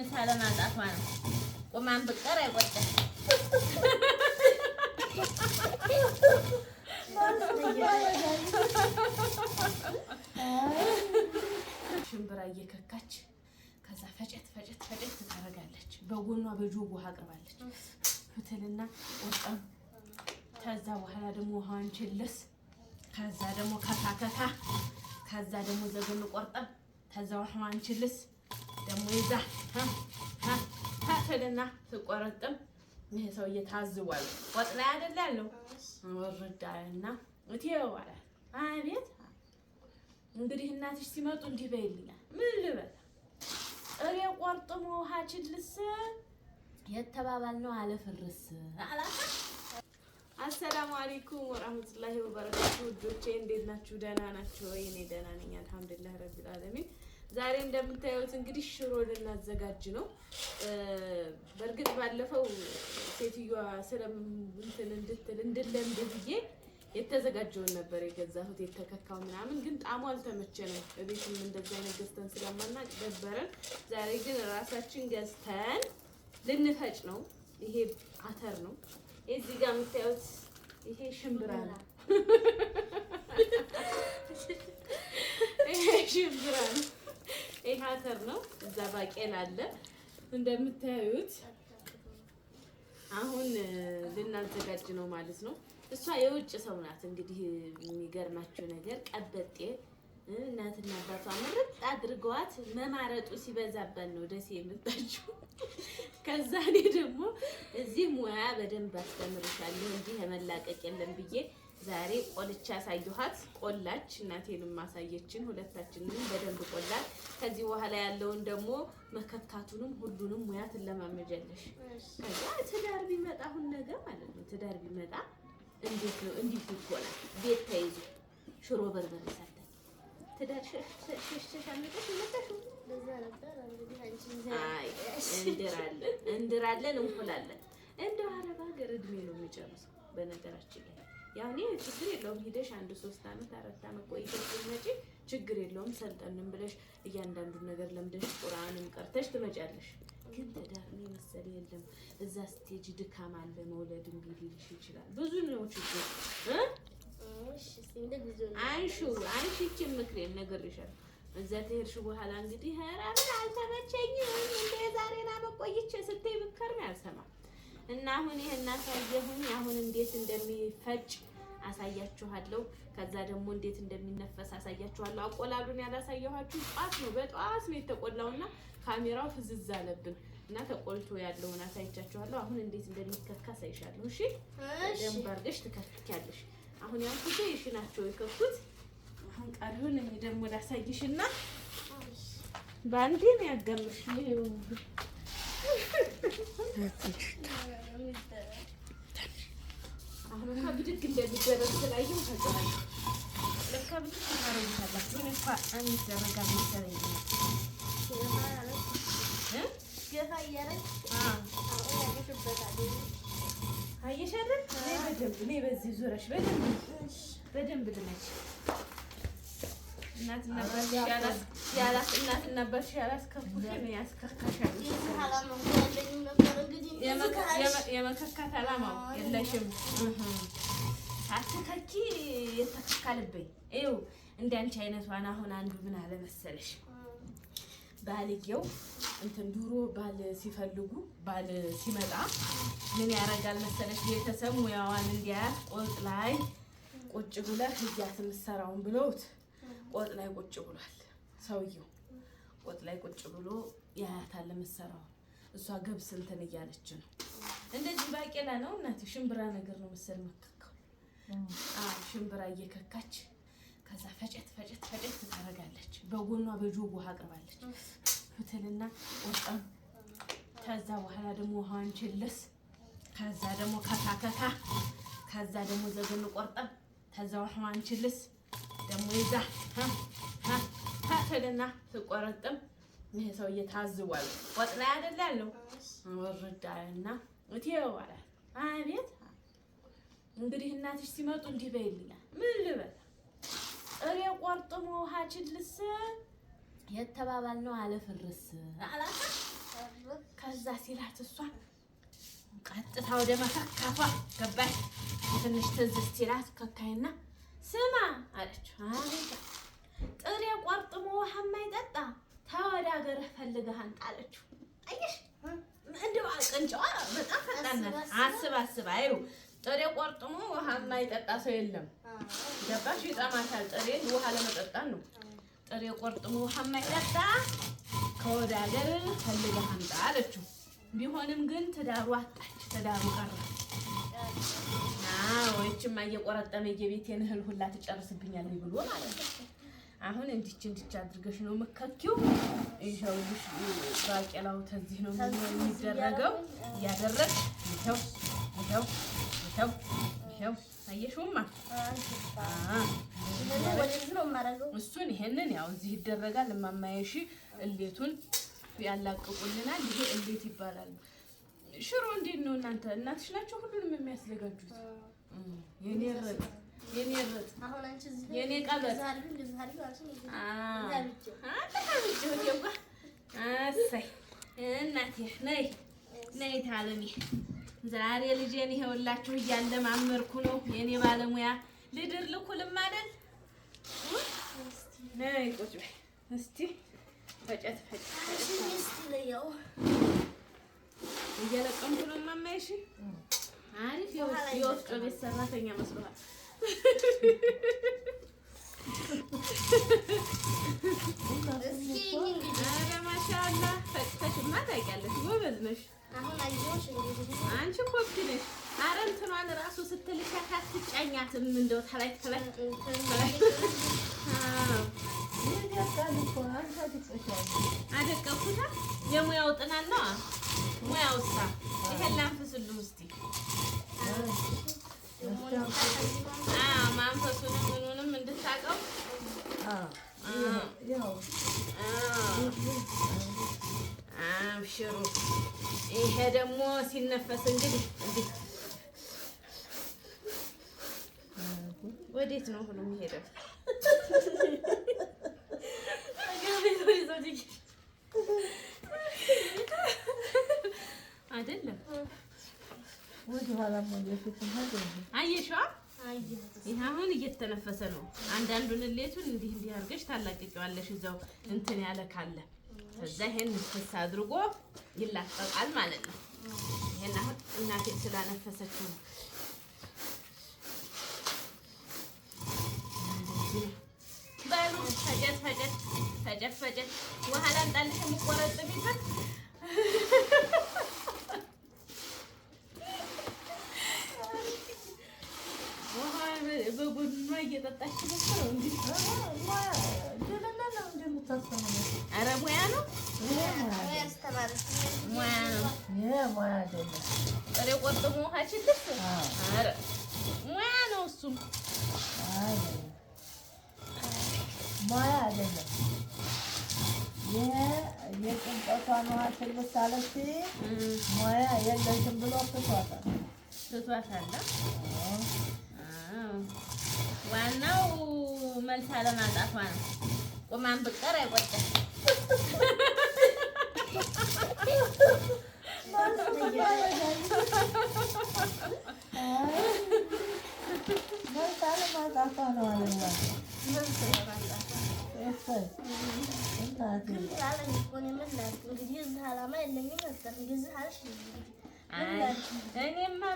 መልሳ ለማጣቷ ነው። ቁማን ብቀር አይቆጨም። ሽምብራ እየከካች ከዛ ፈጨት ፈጨት ፈጨት ታደርጋለች። በጎኗ በጆጉ አቅርባለች። ፍትልና ወጣም ከዛ በኋላ ደግሞ ውሃዋን ችልስ ከዛ ደግሞ ከታከታ ከዛ ደግሞ ዘገን ቆርጠም ከዛ ውሃዋን ችልስ ደግሞ ይዛ ታትልና ትቆረጥም ይሄ ሰውዬ ታዝቧል። ወጥ ላይ አይደል ያለው ወርዳ እና አቤት እንግዲህ እናትሽ ሲመጡ እንዲህ በይልኛል። ምን ልበል? ጥሬ ቆርጥሞ ውሃ ችልስ የተባባልነው አለፍርስ አሰላሙ አለይኩም ወራህመቱላሂ ወበረካቱ። ውዶቼ እንዴት ናችሁ? ደህና ናችሁ ወይ? እኔ ደህና ነኝ አልሐምዱሊላህ ረቢል ዓለሚን ዛሬ እንደምታዩት እንግዲህ ሽሮ ልናዘጋጅ ነው። በእርግጥ ባለፈው ሴትዮዋ ስለምንትን እንድትል እንድለምድ ብዬ የተዘጋጀውን ነበር የገዛሁት የተከካው ምናምን፣ ግን ጣሙ አልተመቸንም። እቤትም እንደዛ አይነት ገዝተን ስለማናቅ ነበረን። ዛሬ ግን ራሳችን ገዝተን ልንፈጭ ነው። ይሄ አተር ነው። እዚህ ጋር የምታዩት ይሄ ሽምብራ ነው። ይሄ ሽምብራ ነው። ይሄ አተር ነው። እዛ ባቄላ አለ እንደምታዩት። አሁን ልናዘጋጅ ነው ማለት ነው። እሷ የውጭ ሰው ናት። እንግዲህ የሚገርማችሁ ነገር ቀበጤ እናትና አባቷ ምርጥ አድርገዋት መማረጡ ሲበዛበት ነው ደሴ የመጣችው። ከዛ እኔ ደግሞ እዚህ ሙያ በደንብ አስተምርሻለሁ እንዲህ የመላቀቅ የለም ብዬ ዛሬ ቆልቻ ያሳየኋት ቆላች። እናቴንም ማሳየችን ሁለታችንንም በደንብ ቆላል። ከዚህ በኋላ ያለውን ደግሞ መከካቱንም ሁሉንም ሙያ ትለማመጃለሽ። ከዛ ትዳር ቢመጣ አሁን ነገ ማለት ነው ትዳር ቢመጣ እንዴት ነው እንዲህ ይሆናል። ቤት ተይዞ ሽሮ በርበሬ ትዳር እንድራለን እንኩላለን። እንደው አረብ ሀገር እድሜ ነው የሚጨርሰው። በነገራችን ላይ ያው እኔ ችግር የለውም ሂደሽ አንድ ሶስት ዓመት አራት ዓመት ቆይተሽ ስትመጪ ችግር የለውም ሰልጠንም ብለሽ እያንዳንዱን ነገር ለምደሽ ቁርአንም ቀርተሽ ትመጫለሽ። ግን ትዳር ነው የመሰለ የለም። እዛ ስቴጅ ድካም አለ። መውለድም ቢልሽ ይችላል ብዙ ነው ችግር አንሺው አንሺ ይቺን ምክሬን ነግሬሻለሁ። እዛ ተሄድሽ በኋላ እንግዲህ ኧረ አልተመቸኝም እንደ ዛሬና መቆይቼ ስትይ ብከርም ያልሰማል እና አሁን ይሄን አሳየሁኝ። አሁን እንዴት እንደሚፈጭ አሳያችኋለሁ። ከዛ ደግሞ እንዴት እንደሚነፈስ አሳያችኋለሁ። አቆላሉን ያላሳየኋችሁ ጧት ነው፣ በጧት ነው የተቆላውና ካሜራው ፍዝዝ አለብን እና ተቆልቶ ያለውን አሳይቻችኋለሁ። አሁን እንዴት እንደሚከካ አሳይሻለሁ። እሺ፣ ደንብ አድርገሽ ትከክያለሽ። አሁን ያልኩት ይሽ ናቸው የከኩት። አሁን ቀሪውን እኔ ደግሞ ላሳይሽና በአንዴ ነው ያጋምሽ። አሁን እንኳ ብድግ እንደሚደረግ ስላየው ተገባል። ለካ እኔ መሰለኝ ገፋ አየሽ አይደል? እኔ በዚህ ዙረሽ በደንብ በደንብ ልመች። እናትና አባትሽ ያላስ ያስከካሻል። የመከካት አላማው የለሽም። አትከኪ የተከካልብኝ ይኸው አይነቷን አሁን አንዱ ምን አለ መሰለሽ ባልየው እንትን ዱሮ ባል ሲፈልጉ ባል ሲመጣ ምን ያደርጋል መሰለሽ ቤተሰብ ሙያዋን እንዲያያት ቆጥ ላይ ቁጭ ብለህ እያት የምትሰራውን ብለውት ቆጥ ላይ ቁጭ ብሏል ሰውየው። ቆጥ ላይ ቁጭ ብሎ ያያታል የምትሰራውን። እሷ ገብስ እንትን እያለች ነው። እንደዚህ ባቄላ ነው እናቴ፣ ሽምብራ ነገር ነው መሰል መከካው። ሽምብራ እየከካች ከዛ ፈጨት ፈጨት ፈጨት ታደርጋለች። በጎኗ በጆግ ውሃ አቅርባለች ፍትልና ወጣም። ከዛ በኋላ ደግሞ ውሃዋን ችልስ። ከዛ ደግሞ ከታከታ ከዛ ደግሞ ዘገን ቆርጠን ከዛ ውሃዋን ችልስ ደግሞ ይዛ ታተልና ትቆረጥም። ይሄ ሰውዬ ታዝቧል። ወጥ ላይ አይደል ያለው ወርዳና እቴው አላት። አቤት እንግዲህ እናትሽ ሲመጡ እንዲህ በይልኛል ምን ችልስ ነው አለፍርስ አላት። ከዛ ሲላት እሷ ቀጥታ ወደ መካካቷ ገባች። ትንሽ ትዝ ሲላት ከካይና ስማ አለችው። ጥሬ ቆርጥሞ ውሃ የማይጠጣ ተወደ ሀገርህ ፈልገህ አንጣ አለችው። አየሽ እንደው አቀንጨዋ በጣም ፈጣን ናት። አስብ አስብ። አይ ጥሬ ቆርጥሞ ውሃ የማይጠጣ ሰው የለም። ገባሽ? ይጠማታል። ጥሬ ውሃ ለመጠጣት ነው። ጥሬ ቆርጥሞ ውሃ የማይጠጣ ከወደ ሀገር ፈልገህ አምጣ አለችው። ቢሆንም ግን ትዳሩ አጣች፣ ትዳሩ ቀረ። ይችማ እየቆረጠመ የቤቴን እህል ሁላ ትጨርስብኛለች ብሎ ማለት ነው። አሁን እንዲች እንዲች አድርገሽ ነው የምከኪው። ይኸውልሽ ባቄላው ተዚህ ነው የሚደረገው። እያደረግሽ ይኸው ይኸው ይኸው ይኸው አየሽውማ እሱን ይሄንን ያው እዚህ ይደረጋል። እማማየሺ እሌቱን ያላቅቁልናል። ይሄ እሌት ይባላል። ሽሮ እንዴት ነው እናንተ? እናትሽ ናቸው ሁሉንም የሚያስዘጋጁት። የኔ ረጥ የኔ ረጥ የኔ ቀበጥ እናቴ ነይ ነይ ታለሚ ዛሬ ልጄን ይኸውላችሁ እያለማመርኩ ነው። የኔ ባለሙያ ልድር ልኩልም አይደል? ነይ ቁጭ በይ እስቲ ፈጨት ፈጨት እየለቀምኩ ነው የማማይሽ። አሪፍ የወፍጮ ቤት ሰራተኛ መስሎሃል። ኧረ ፈጭተሽማ ታውቂያለሽ፣ ጎበዝ ነሽ። አንቺ እኮ ብቻ ነሽ። ኧረ እንትኗን እራሱ ስትልሻት አትጫኛትም። እንደው ተላይ ተላይ አደቀኩታ። የሙያው ጥናት ነው ሙያው። እሷ ይሄን ላንፍስልህ ውስጥ ማንፈሱንም ምኑንም እንድታውቀው አብሽሩ ይሄ ደግሞ ሲነፈስ እንግዲህ እንዴት ወዴት ነው ሁሉ የሚሄደው? አይደለም አየሽዋ። ይህ አሁን እየተነፈሰ ነው። አንዳንዱን ሌቱን እንዲህ እንዲህ አድርገሽ ታላቅቂዋለሽ። እዛው እንትን ያለ ካለ ከዛ ይሄን ንፍስ አድርጎ ይላቀቃል ማለት ነው። ይሄን አሁን እናቴ ነው። በሉ ፈጀት ፈጀት ፈጀት ፈጀት ውሃ ላምጣልሽ የምቆረጥ ቢሆን ጥሬ ቆርጥሞ ውሃ ችልስ። ኧረ ሙያ ነው እሱም ሙያ አይደለም። የቅንጦቷን ውሃ ችልስ አለች። ሙያ የለሽም ብሎ ትቷታል ትቷታል። ዋናው መልስ አለማጣቷ ነው። ቁማን ብቀር አይቆጨም። እኔማ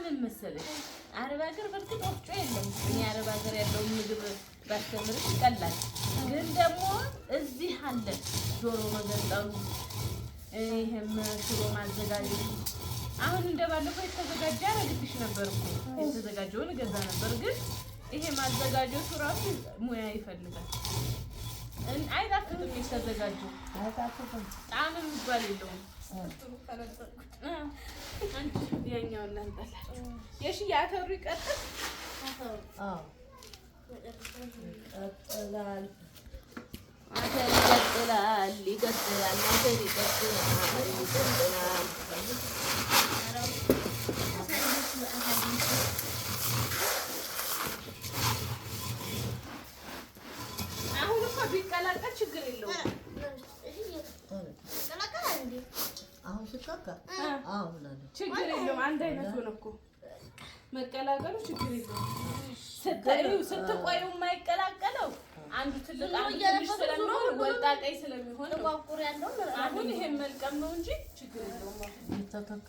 ምን መሰለሽ አረብ ሀገር በእርግጥ ወፍጮ የለም። እኔ አረብ ሀገር ያለውን ምግብ ባስተምርሽ ይቀላል። ግን ደግሞ እዚህ አለ ዶሮ መገንጠሉ፣ ይሄም ሽሮ ማዘጋጀት አሁን እንደባለፈው የተዘጋጀ አረግልሽ ነበር እኮ የተዘጋጀውን ገዛ ነበር። ግን ይሄ ማዘጋጀቱ ራሱ ሙያ ይፈልጋል። አይጣፍጥም፣ የተዘጋጀው አይጣፍጥም፣ የሚባል የለውም። ያኛውን የሺ የአተሩ ይቀጥል አተር ይቀጥላል ይቀጥላል አተር ይቀጥላል ይቀጥላል። አሁን እኮ ቢቀላቀል ችግር የለውም። ችግር የለውም። አንድ አይነት ሆነ እኮ መቀላቀሉ ችግር የለውም። ስትቆዩ የማይቀላቀለው አንዱ ትልቅ ወጣ ቀይ ስለሚሆን አሁን ይሄን መልቀም ነው እንጂ ችግር የለውም። እየተተካ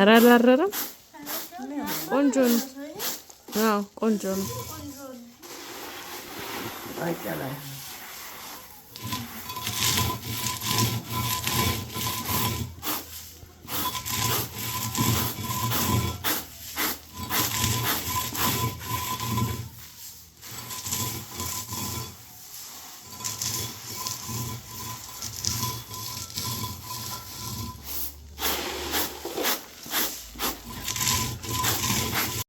ኧረ አላረረም። ቆንጆ ነው። አዎ ቆንጆ ነው።